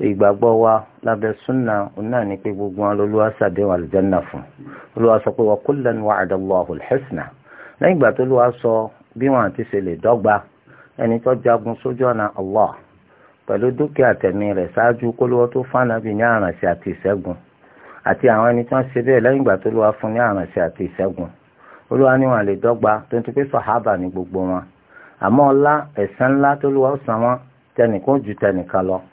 ìgbàgbọ́ wa lábẹ́ súnà náà ni pé gbogbo wọn lọ́lọ́wọ́ sàdéhùn àlùjànnà fún olúwa sọ pé wa kullan wa'adallahu al-husna lẹ́yìn ìgbà tó lọ́wọ́ sọ bí wọn àti ṣe lè dọ́gba ẹni tó jagun sójú ọ̀nà Allah pẹ̀lú dúkìá tẹ̀mí rẹ̀ ṣáájú kólówó tó fànàbí ní àrànṣẹ́ àti ìṣẹ́gun àti àwọn ẹni tó ń ṣe bẹ́ẹ̀ lẹ́yìn ìgbà tó lọ́wọ́ fún ní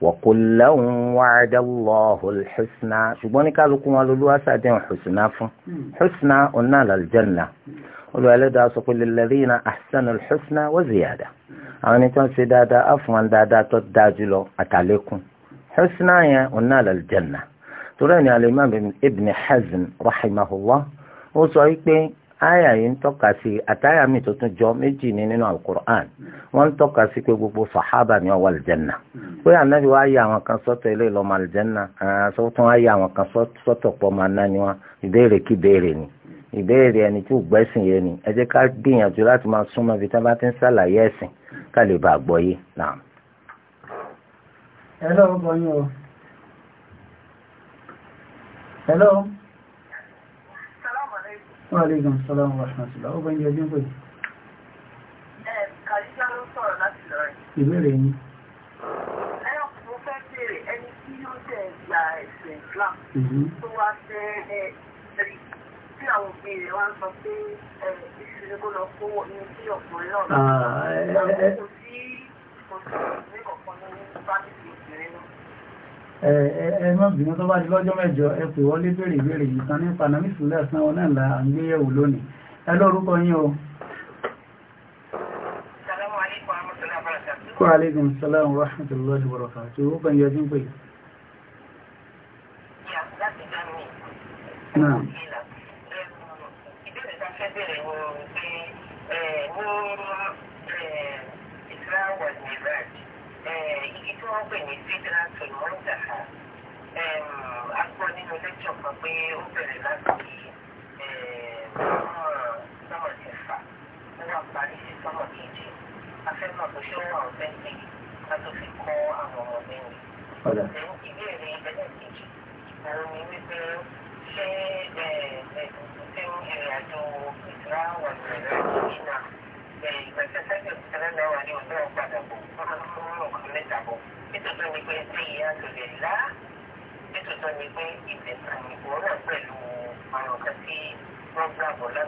وقل لهم وعد الله الحسنى ṣùgbọ́n ní kálukú wọn ló lúwá sàdéhùn husna fún husna ọ̀nà àlàljanna olùwàlẹ́dàá sọ pé lilladhina ahsanu alhusna wa ziyada àwọn ẹni tó ń ṣe dáadáa á fún wọn dáadáa tó dáa jùlọ àtàlékún husna yẹn ọ̀nà àlàljanna torí ẹni al-imam àyà yìí ń tọ́ka sí àtàyà mi tuntun jọ méjì ní nínú alukur'an wọ́n ń tọ́ka sí pé gbogbo sàhábà ni ọwọ́ alìjẹ́nà pé ànábi wá yà àwọn kan sọ́tọ̀ ilé ìlọ́mọ alìjẹ́nà sọ́tọ̀ wá yà àwọn kan sọ́tọ̀ pọ̀ máa ná ni wọn ìbéèrè kí béèrè ni ìbéèrè ẹni tí ò gbẹ́sìn yẹn ni ẹ jẹ́ ká gbìyànjú láti máa súnmọ́ ibi tí wọ́n bá ti ń sàlàyé ẹ̀sìn ká lè bàa gbọ́ yé náà. Hello, Wa alaikum salam wa rahmatullah. Ó bẹ́ẹ̀ ń yọjú pé. Kàdíjà ló sọ̀rọ̀ láti lọ rẹ̀. Ìbéèrè yín. Ẹ̀rọ mo fẹ́ béèrè ẹni tí ó jẹ́ ìgbà ẹ̀mọ́ bìnú tó bá di lọ́jọ́ mẹ́jọ ẹ pè wọlé béèrè ìbéèrè yìí kan ní panamisu lẹ́sàn ọ náà la ń gbé yẹ̀wò lónìí ẹ lórúkọ o. Wa alaikum salam wa rahmatullahi wa wọ́n pè ní sídìrátù mọ́ńtàkà a gbọ́ nínú lẹ́kṣọ̀ kan pé ó bẹ̀rẹ̀ láti sọ́mọ̀ kẹfà ó wà parí sí sọ́mọ̀ keje afẹ́mọ̀ kò ṣe wà ọ̀fẹ́ sí ká tó fi kọ́ àwọn ọmọ mẹ́rin. ìbéèrè ẹlẹ́ẹ̀kejì òun ni wípé ṣé ẹ̀ẹ́dẹ̀ẹ́dẹ̀ tó ń ìrìn àjò ìtura wà ní ìrìn àjò yìí náà nítorí ni pé tí ìyá lòlẹ̀ lá nítorí ni pé ìdẹ̀sán ni òun náà pẹ̀lú àwọn kan tí wọ́n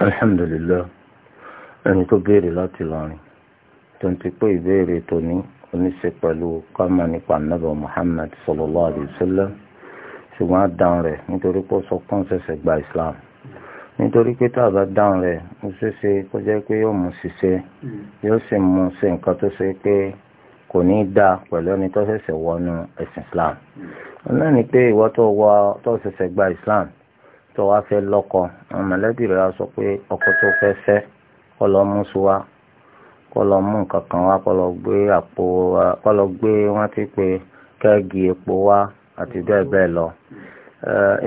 Alhamdulillah ẹni tó béèrè láti lọrin tó ń ti pé ìbéèrè tòní oníṣe pẹ̀lú kámà nàbà Muhammad sallallahu alayhi wa sallam ṣùgbọ́n á dáhùn rẹ̀ nítorí pé ó sọ pọ́n ṣẹ̀ṣẹ̀ gba islam nítorí pé tá a bá dáhùn rẹ̀ ó ṣeéṣe kó jẹ́ pé yóò mú ṣiṣẹ́ yóò sì mú ṣe nǹkan tó ṣe pé kò ní í dáa pẹ̀lú ẹni tó ṣẹ̀ṣẹ̀ wọnú ẹ̀sìn islam náà ni pé ìwọ tó wọ tó ṣẹ̀ṣẹ̀ gba islam tó wá fẹ́ lọ́kọ àwọn mọ̀lẹ́bí rẹ̀ á sọ pé ọkọ tó fẹ́ fẹ́ kọ́ lọ mú sí wa kọ́ lọ mú nǹkan kan wá kọ́ lọ gbé àpò kọ́ lọ gbé wọ́n ti pé kẹ́ẹ̀gì epo wá àti bẹ́ẹ̀ bẹ́ẹ̀ lọ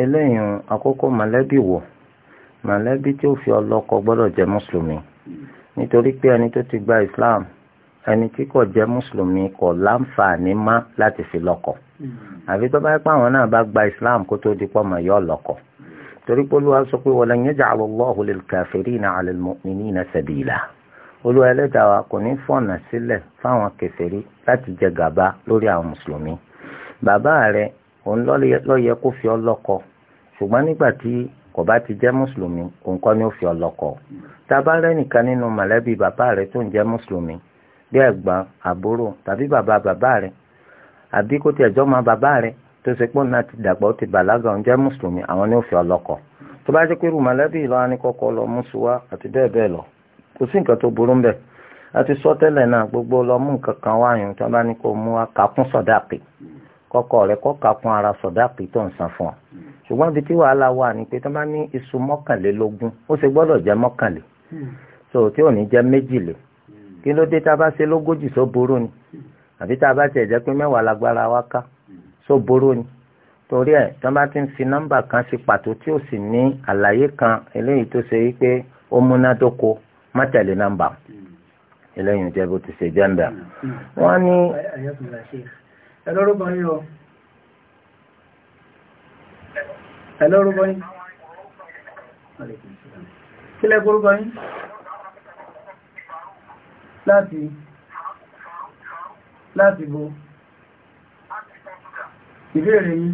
eléyìí àkókò mọ̀lẹ́bí wò mọ̀lẹ́bí tí ó fi ọlọ́kọ gbọ́dọ̀ jẹ́ mùsùlùmí nítorí pé ẹni tó ti gba islam ẹni tí kò jẹ́ mùsùlùmí kò láǹfààní má láti fi lọ́kọ àfi tó bá pé àwọn náà bá gba islam kó tó di pọ́ mọ̀ yọ lọ́kọ torí pé olúwa sọ pé walan yaj'ala Allahu lil-kafirina 'ala al-mu'minina sabila olúwa ẹlẹ́dàá wa kò ní fọ̀nà sílẹ̀ fáwọn kèfèrí láti jẹ gàba lórí àwọn mùsùlùmí bàbá rẹ̀ òun lọ́yẹ kó fi ọlọ́kọ ṣùgbọ́n nígbà tí kò bá ti jẹ́ mùsùlùmí òun kọ́ ni ó fi ọlọ́kọ tá a bá rẹ́nìkan nínú mọ̀lẹ́bí bàbá rẹ̀ tó ń jẹ́ mùsùlùmí bí ẹ̀gbọ́n àbúrò tàbí bàbá bàbá rẹ̀ àbí kó tiẹ̀ jọ́ mọ́ bàbá rẹ̀ tó ṣe pé náà ti dàgbà ó ti bàlágà òun jẹ́ mùsùlùmí àwọn ni ó fi ọlọ́kọ tó bá jẹ́ pé irú mọ̀lẹ́bí ìlọ anikọ́kọ́ lọ mú sí wa àti bẹ́ẹ̀ bẹ́ẹ̀ lọ kò sí nǹkan tó burú ń bẹ̀ sọ tẹ́lẹ̀ náà gbogbo lọ mú nǹkan kan wáyùn tó bá ní kó mú wa kà á kún sọ̀dáàpì kọ́kọ́ rẹ kọ́ka kún ara sọ̀dáàpì tó ń san fún ọ. ṣùgbọ́n ibi tí wàhálà wà ní pé tó bá ní iṣu mọ́kànlélógún ó ṣe gbọ́dọ̀ jẹ́ mọ́kànlé so tí ò ní jẹ́ méjìlé kí ló dé tá a bá ṣe lógójì só burú ni àbí tá a bá tiẹ̀ jẹ́ pé mẹ́wàá lágbára wa ká só burú ni torí ẹ̀ tó bá ti ń fi nọ́mbà kan sí pàtó tí ó sì ní àlàyé kan eléyìí tó ṣe wípé ó múnádóko má tẹ̀lé eléyìí jẹ́ bó ti ṣe jẹ́ ń bẹ̀. Hmm. wọ́n ní ẹlọ́rúkọ yín o ẹlọ́rúkọ yín kílẹ̀ kórúkọ yín láti láti bo ìbéèrè yín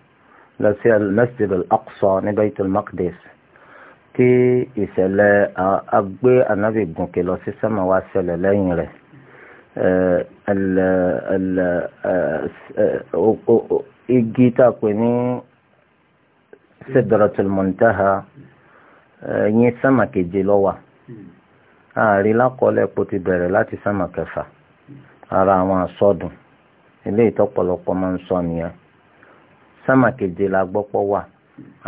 lọ sí al-Masjid al-Aqsa ní Baitul Maqdis tí ìṣẹ̀lẹ̀ agbé anabi gùnkè lọ sí sẹ́mà wá ṣẹlẹ̀ lẹ́yìn rẹ̀ igi tá a pè ní Sidratul Muntaha yín sẹ́mà keje lọ́wà ààrí lákọọ́lẹ̀ epo ti bẹ̀rẹ̀ láti sẹ́mà kẹfà ara àwọn àsọdùn ilé ìtọ́pọ̀lọpọ̀ máa ń sọ nìyẹn sámà keje la gbọ́ pọ̀ wà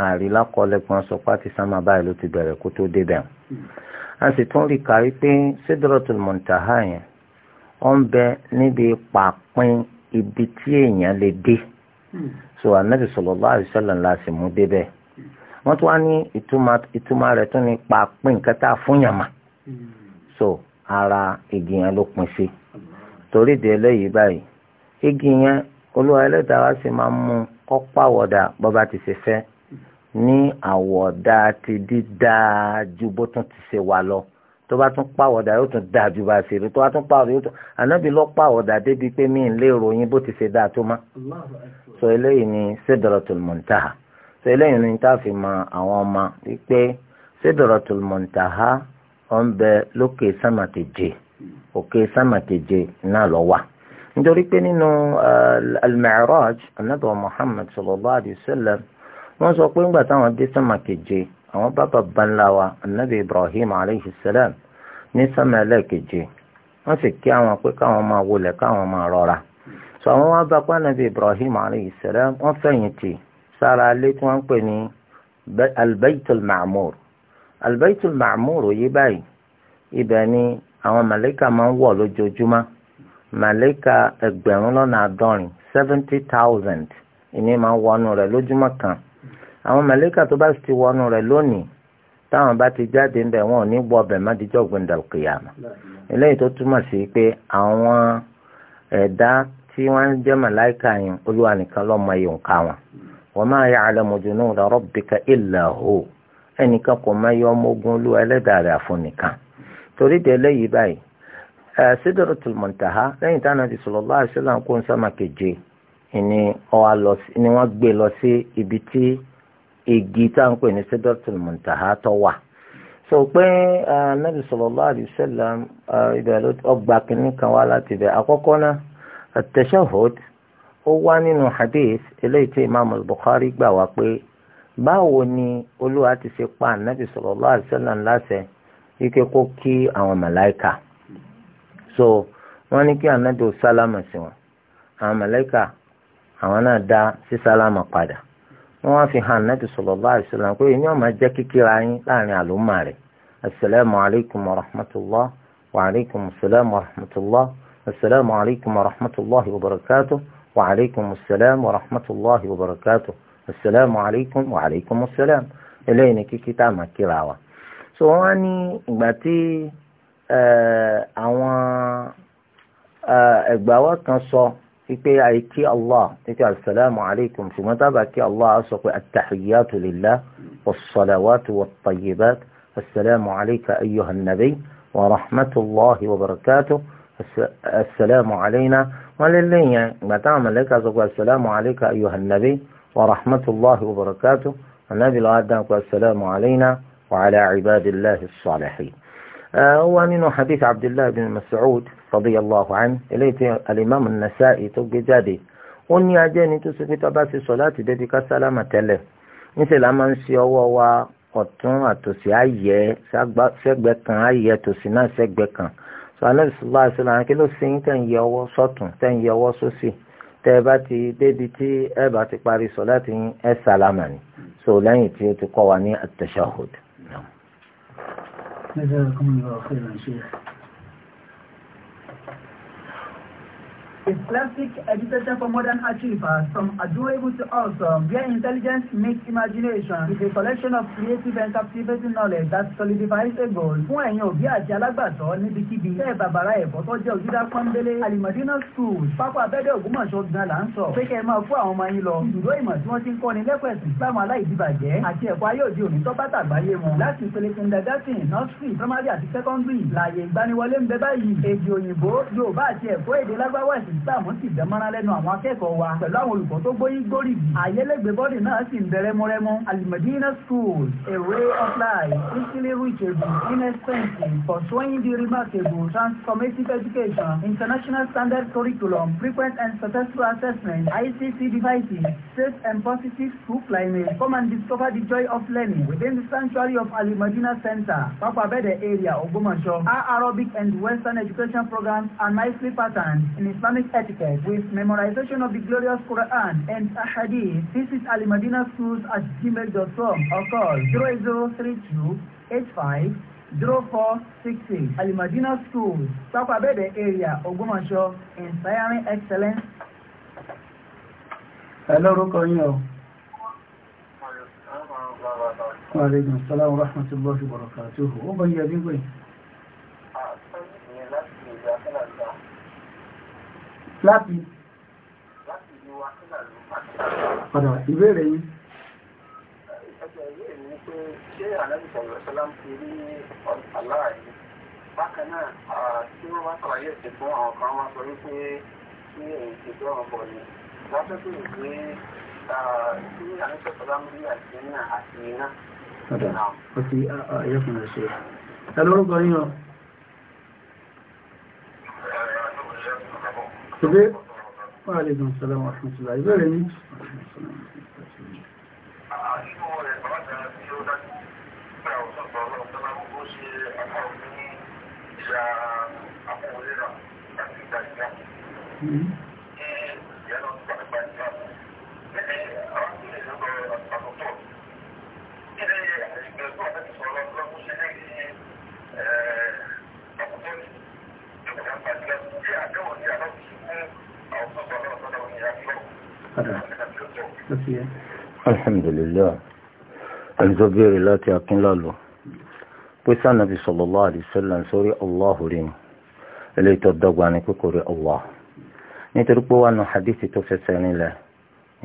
àrí lákọọ́lẹ̀ kan sọ pé àti sámà báyìí ló ti bẹ̀rẹ̀ kó tó débẹ̀ a sì tún rí kárí pé Sidratul Muntaha yẹn ó ń bẹ níbi pàpín ibi tí èèyàn lè dé so anabi sallallahu alaihi wasallam la sì mú débẹ̀ wọ́n tún wá ní ìtumọ̀ rẹ̀ tún ní pàpín kẹta fúnyàmà so ara igi yẹn ló pin sí torí di eléyìí báyìí igi yẹn olúwa ẹlẹ́dàá wá sì máa ń mú un kó pàwọ̀dà bọ́ba ti ṣe fẹ́ ní àwọ̀dà ti dídá ju bó tún ti ṣe wà lọ tó bá tún pàwọ̀dà yóò tún dáa ju bá a ṣe rí tó bá tún pàwọ̀dà yóò tún ànábì lọ pàwọ̀dà débi pé mí ń lè ròyìn bó ti ṣe dáa tó má so eléyìí ni Sidratul Muntaha so eléyìí ni tá a fi mọ àwọn ọmọ wípé Sidratul Muntaha ó lókè sámàkèje òkè sámàkèje náà lọ nítorí pé nínú uh, al-mi'raj anabi muhammad sallallahu alayhi wa sallam wọ́n sọ pé ńgbà táwọn dé sánmà keje àwọn bàbá banla wa anabi ibrahim alayhi salam ní sánmà ẹlẹ́keje wọ́n sì kí àwọn pé káwọn máa wọlẹ̀ káwọn máa rọra sọ àwọn wá bá pa anabi ibrahim alayhi salam wọ́n fẹ̀yìntì sára ilé tí wọ́n ń pè ní albaytul ma'mur albaytul ma'mur yìí báyìí ibẹ̀ ni àwọn màlẹ́kà máa ń wọ̀ lójoojúmọ́ màlẹ́kà ẹgbẹ̀rún lọ́nà àádọ́rin seventy thousand ìní máa ń wọnú rẹ̀ lójúmọ́ kan àwọn màlẹ́kà tó bá sì ti wọnú rẹ̀ lónìí táwọn bá ti jáde ń bẹ̀ wọn ò ní wọ ọbẹ̀ má dijọ́ gbẹ̀ndàkìyàmù eléyìí tó túmọ̀ sí pé àwọn ẹ̀dá tí wọ́n jẹ́ màlẹ́kà yẹn olúwa nìkan ló mọ ìyóò ká wọn wa ma ya'lamu junuda rabbika illa hu ẹnìkan kò mọ iye ọmọ ogun olúwa ẹlẹ́dàá rẹ̀ àfọ̀nìkan torí Sidratul Muntaha lẹ́yìn tí Ànábì sallallahu alaihi wasallam kó ń sámà keje ni wọ́n gbé lọ sí ibi tí igi tá ń pè ní Sidratul Muntaha tó wà sọ pé Ànábì sallallahu alaihi wasallam ibẹ̀ ọgbà kìnnì kan wá láti ibẹ̀ àkọ́kọ́ náà at-tashahhud ó wá nínú hadith eléyìí tí Imam bukhari gbà wá pé báwo ni Olúwa ti ṣe pa Ànábì sallallahu alaihi wasallam láṣẹ ike kó kí àwọn màláìkà so wọ́n ní kí ànádò sálámà sí wọn àwọn màláíkà àwọn náà dá sí sálámà padà wọ́n wá fi hàn ànádò sallallahu alaihi wasallam pé ìní ọ̀ma jẹ́ kíkíra yín láàrin àlùmọ́ rẹ̀ asalaamu alaykum wa rahmatulah wa alaykum salaam wa rahmatulah asalaamu alaykum wa rahmatulah wa barakatuh wa alaykum salaam wa rahmatulah wa barakatuh asalaamu alaykum wa alaykum salaam eléyìí ni kíkí tá a máa kíra wa. so wọ́n á ní ìgbà tí àwọn ẹgbàá wa kan sọ wípé àìkí allah wípé asalaamu alaykum ṣùgbọ́n tábà kí allah á sọ pé atahiyyatu lillah wasalawaatu watayibat asalaamu alayka ayyuhan nabi wa rahmatulahi wa barakatuh asalaamu alayna wọn lé lẹ́yìn ìgbà táwọn mọ̀lẹ́kà sọ pé asalaamu alayka ayyuhan nabi wa rahmatulahi wa barakatuh anabi lọ́wọ́ pé asalaamu alayna wa ala ibadillahi salihin. هو من حديث عبد الله بن مسعود رضي الله عنه إليه الإمام النسائي توقي جادي أني أجاني تسكي تباسي صلاة ديدك كسلامة له مثل أمان سيوا و ọ̀tún àtòsí ayẹ sẹ́gbẹ́ kan ayẹ tòsí náà sẹ́gbẹ́ kan sọ anábì sọlá àṣìlá kí ló sìn tẹ̀ ń yẹ ọwọ́ sọ́tún tẹ̀ ń yẹ ọwọ́ sósì tẹ́ ẹ bá ti débi tí ẹ bá ti parí sọ láti ẹ sàlámà ni so lẹ́yìn tí ó ti kọ́ wa ní at 那个工作非常累。His classic Education for Modern Achievers from Adorable to Awesome, where intelligence meets imagination with a collection of creative and captivating knowledge that solidifies a goal. Fún ẹ̀yin òbí àti alágbàtọ́ níbikíbi, ṣé bàbàrà ẹ̀fọ́ tó jẹ́ òjúdá pọ́nbélé, Alimadina School, pápá abẹ́dẹ̀ Ògbómọ̀ṣọ́ gan la ń sọ. Pé kẹ́ ẹ máa fún àwọn ọmọ yín lọ, ìdúró ìmọ̀ tí wọ́n ti ń kọ́ni lẹ́kọ̀ọ́ ẹ̀sìn Islam aláìdíbàjẹ́ àti ẹ̀kọ́ ayé òde òní tọ́pátà àgbáyé wọn. Láti ìpele kindergarten, nursery, primary àti secondary, láàyè ìgbaniwọlé ń bẹ báyìí. Èdè òyìnbó, Yorùbá àti ẹ̀kọ́ èdè lágbáwá ẹ̀sìn Islam sì dánmọ́ra lẹ́nu àwọn akẹ́kọ̀ọ́ wa pẹ̀lú àwọn olùkọ́ tó gbóyìn gbórí yìí. àyẹlẹ́gbẹ́ bọ́ọ̀dì náà sì ń bẹ̀rẹ̀ mọ́rẹ́mọ́. Al-Madina Schools a way of life easily reachable inexpensive pursuing the remarkable transformative education international standard curriculum frequent and successful assessment ICC devices safe and positive school climate come and discover the joy of learning within the sanctuary of Al-Madina Center Papa Abede area Ogbomoso our Arabic and Western education programs are nicely patterned in Islamic Islamic etiquette with memorization of the glorious Quran and hadith. This is Al Madina Schools at gmail.com or call 0032 85 0466. Madina Schools, Sapa Bebe area, Ogbomoso, inspiring excellence. Hello, Rukoyo. Wa alaikum assalam wa rahmatullahi wa barakatuh. Ó bá yẹ bí gbé. láti padà ìbéèrè yìí. ẹgbẹ́ ìwé mi pé ń fi rí aláàyè bákan náà tí wọ́n bá sọ̀rọ̀ yóò ṣe àwọn kan wọ́n sọ wípé kí èyí ti tó ọ̀bọ̀ ni wọ́n tó bèèrè pé kí àlẹ́bùsọ̀ ìrọ̀sọ́lá ń rí àti iná àti iná. Padà ó Ṣubé, wà lè dùn sọ́lọ́wọ́ àṣùntúlá, ìbẹ̀rẹ̀ ní Thank you alhamdulilayi ẹnjọ béèrè láti akínlálò pé sànàbí sallallahu alaihi wasallam sórí allahu rí ni eléyìí tó dọ́gba ní kókòrò allah nítorí pé wà nù hadithi tó fẹsẹ̀ nílẹ̀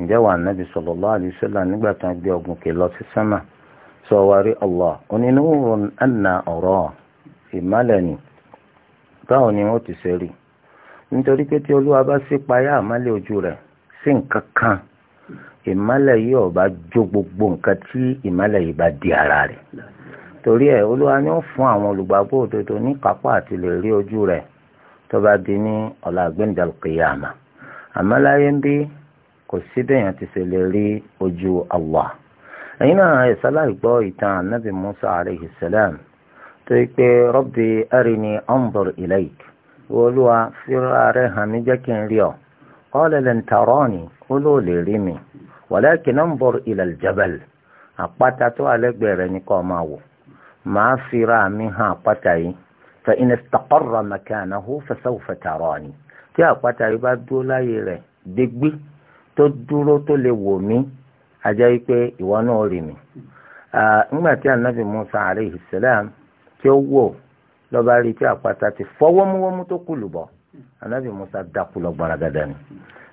ǹjẹ́ wà nàbí sallallahu alaihi wasallam nígbà tó ń gbé ogun kè lọ sí sánmà sọ wà rí allah ọ̀rọ̀ ìmálẹ̀ ni báwo ni wọ́n ti ṣe rí nítorí pé tí olúwa bá sí payá àmálẹ̀ ojú rẹ̀ sí nǹkan kan ìmálẹ̀ yìí ọba jó gbogbo nǹkan tí ìmálẹ̀ yìí bá di ara rẹ̀ torí ẹ̀ olúwa ni ó fún àwọn olùgbàgbọ́ òdodo ní kápá àti lè rí ojú rẹ̀ tó bá di ní ọ̀la àgbẹ̀ndàlùkìyàmà àmọ́ láyé ń bí kò sí bẹ́yàn ti ṣe lè rí ojú Allah ẹ̀yin náà ìsálà ìgbọ́ ìtàn anábì Musa alayhi salam tó yí pé rabbi arini anzur ilayk olúwa fíra rẹ̀ hàn mí jẹ́ kí n rí ọ qala lan tarani olóòlè rí mi walakin anzur ila al-jabal àpáta tó alẹ́gbẹ̀ẹ́ rẹ̀ ní kó máa wò màá fira mi hàn àpáta yìí fa in istaqarra makanahu fasawfa tarani tí àpáta yìí bá dúró láyé rẹ̀ dégbé tó dúró tó lè wò mí ajẹ́ wípé ìwọ náà rí mi. nígbà tí anabi musa aleyhi salam tí ó wò lọ́ba rí i pé àpáta ti fọ́ wọ́múwọ́mú tó kù lùbọ̀ anábì musa dákú lọ gbaragada ni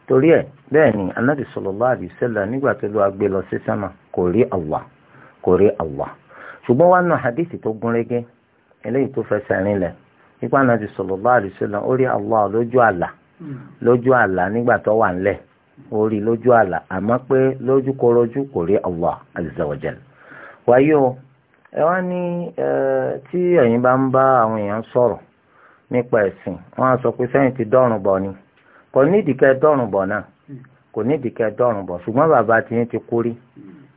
torí ẹ bẹ́ẹ̀ ni anábì sallallahu alaihi wasallam nígbà tó lọ́ọ́ gbé lọ sí sámà kò rí Allah kò rí Allah ṣùgbọ́n wàá nà hadithi tó gún régé eléyìí tó fẹsẹ̀ rinlẹ̀ nípa anábì sallallahu alaihi wasallam ó rí Allah lójú àlà lójú àlà nígbà tó wà ńlẹ̀ ó rí lójú àlà àmọ́ pé lójú korojú kò rí Allah azza wáyé o ẹ wá ní tí ẹ̀yin bá ń bá àwọn èèyàn sọ̀rọ̀ nípa ẹ̀sìn wọ́n á sọ pé sẹ́yìn ti dọ́rùn bọ̀ ni kò nídìí kẹ́ dọ́rùn bọ̀ náà kò nídìí kẹ́ dọ́rùn bọ̀ ṣùgbọ́n bàbá tiyín ti kú rí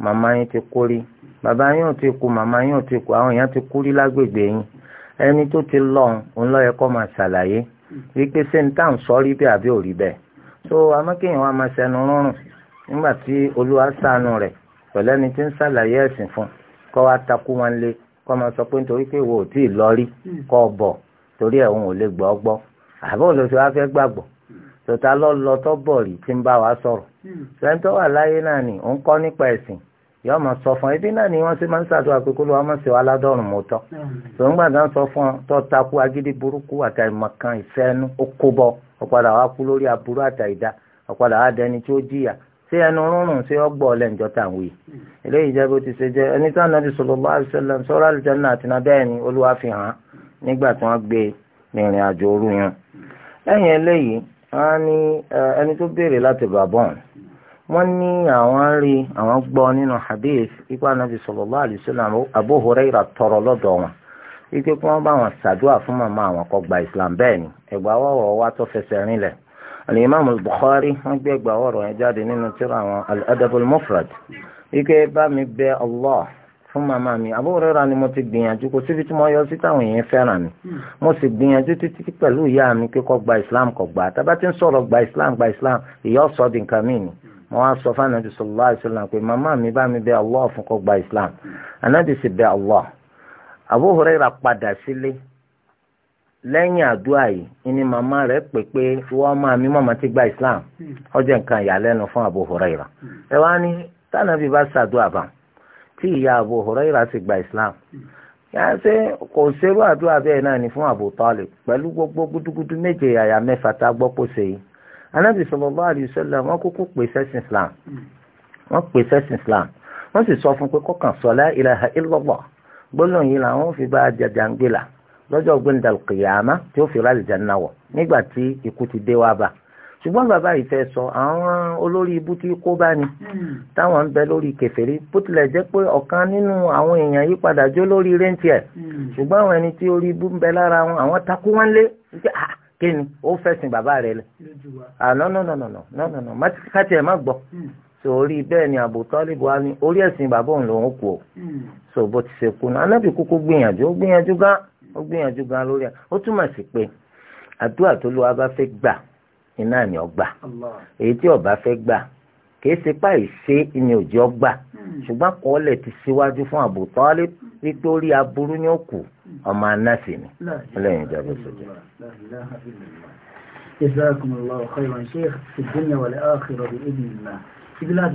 màmá yín ti kú rí bàbá yín ò ti kú màmá yín ò ti kú àwọn èèyàn ti kú rí lágbègbè yín ẹni tó ti lọ òun ló yẹ kó máa ṣàlàyé wípé ṣé ń tàn sọ rí bẹ́ẹ̀ àbí ò rí bẹ́ẹ̀ so amákéèyàn wa máa ṣẹnu rọrùn nígbà tí olúwa ṣàánú rẹ̀ pẹ̀lẹ́ni tí ń ṣàlàyé ẹ̀sìn fún un kọ́ wa takú wọn lé kọ́ máa sọ pé nítorí pé ìwọ ò tí ì lọ rí hmm. kọ́ bọ̀ torí ẹ̀ òun ò lè gbọ́ gbọ́ àbọ̀ ló ti wá fẹ́ gbàgbọ́ tòta lọ lọ bọ̀ rí tí ń bá wa sọ̀rọ̀ hmm. sẹ́ńtọ́ wà láyé náà ni òun kọ́ nípa ẹ̀sìn yóò máa sọ fún ẹbí náà ni wọ́n ṣe máa ń ṣàdúrà pé kó ló wá máa ṣe wá ládọ́rùn mọ́ tọ́ tòun gbà náà sọ fún ọ tó takú agídí burúkú àtà ìmọ̀kan ó kó bọ ọ̀padà wa kú lórí aburú àtà ìdá wa dẹni tí ó jìyà ṣé ẹnu rúnrún si ọgbọ́ ọlẹ́njọ́ tà ń wí eléyìí jẹ́ bó ti ṣe jẹ́ ẹni tí Ànábì sallallahu ni olúwa fi hàn án nígbà tí wọ́n gbé ìrìn àjò òru yẹn. lẹ́yìn eléyìí wọ́n ní ẹni tó béèrè láti wọn ní àwọn rí àwọn nínú hadith ipá Ànábì sallallahu alaihi wasallam Abu tọrọ lọdọ wọn bá wọn ṣàdúrà fún màmá àwọn gba Islam bẹ́ẹ̀ ni ẹ̀gbà wọ́wọ́ alimami Bukhari wọn gbé ẹgbà ọ̀rọ̀ yẹn jáde nínú tírà àwọn al-adabul mufrad wípé bá mi bẹ̀ Allah fún màmá mi àbúrò rẹ̀ ni mo ti gbìyànjú kò síbi tí mo yọ sí táwọn èèyàn fẹ́ràn mi mo sì gbìyànjú títí pẹ̀lú ìyá mi pé kó gba Islam kó gbà tá bá ti ń sọ̀rọ̀ gba Islam gba Islam ìyá ọ̀sọ́ di nǹkan mí ni mo wá sọ fún anabi sọlá ìṣẹ̀lẹ̀ pé màmá mi bá mi bẹ̀ Allah fún kó gba Islam anabi sì bẹ̀ Allah àbúrò rẹ̀ padà sílé lẹ́yìn àdúrà yìí ni màmá rẹ̀ pè pé wọ́n máa mi mọ̀mọ́ ti gba islam ọjọ́ hmm. nǹkan ìyàlẹ́nu fún Abu Huraira hmm. ẹ wá ní tànàbí bá ṣàdúrà bá tí ìyá Abu Huraira ti gba islam hmm. yàrá ṣe kò ṣerú àdúrà bẹ́ẹ̀ náà ni fún Abu Talib pẹ̀lú gbogbo gudugudu méje àyà mẹ́fà tá a gbọ́ pò ṣe yìí anábì sallallahu alaihi wasallam wọ́n kúkú pè sẹ́sìn islam wọ́n pè sẹ́sìn islam wọ́n sì sọ fún pé kọ́kàn sọ la ilaha illallah gbólóhùn yìí làwọn fi bá jàjàngbìlà lọ́jọ́ gbẹ̀ndà kìyàmá tí ó fi rà àlìjáná wọ̀ nígbà tí ikú ti dé wá bá ṣùgbọ́n bàbá yìí fẹ́ sọ àwọn olórí ibú tí kó bá ní hmm. táwọn ń bẹ lórí kèfèrí bó tilẹ̀ jẹ́ pé ọ̀kan nínú àwọn èèyàn yìí padà jó lórí rẹ́ǹtì ẹ̀ hmm. ṣùgbọ́n àwọn ẹni tí orí ibú ń bẹ lára wọn àwọn takú wọn lé ah, kí ni ó fẹ̀sìn bàbá rẹ̀ lẹ̀ àná nọ̀nọ̀nọ̀nọ̀nọ̀nọ̀ káti ẹ̀ má gbọ́ hmm. sòrí bẹ́ẹ̀ ni Abu Talib wa orí ẹ̀sìn bàbá òun lòun kù ó sòbó ti ṣe kú náà anábì kúkú gbìyànjú gbìyànjú gan ó gbìyànjú gan lórí ẹ̀ ó túmọ̀ sí pé àdúrà tó lọ́wọ́ bá fẹ́ gbà iná ni ọgbà èyí tí ọba fẹ́ gbà kìí ṣe páì ṣe ni òjò ọgbà hmm. ṣùgbọ́n kọ́ọ̀lẹ̀ ti síwájú fún Abu Talib wípé orí aburú ni ó ọmọ anáṣì ni lẹ́yìn ìjọba ìṣòjò. جزاكم الله خيرا شيخ في الدنيا والآخرة بإذن الله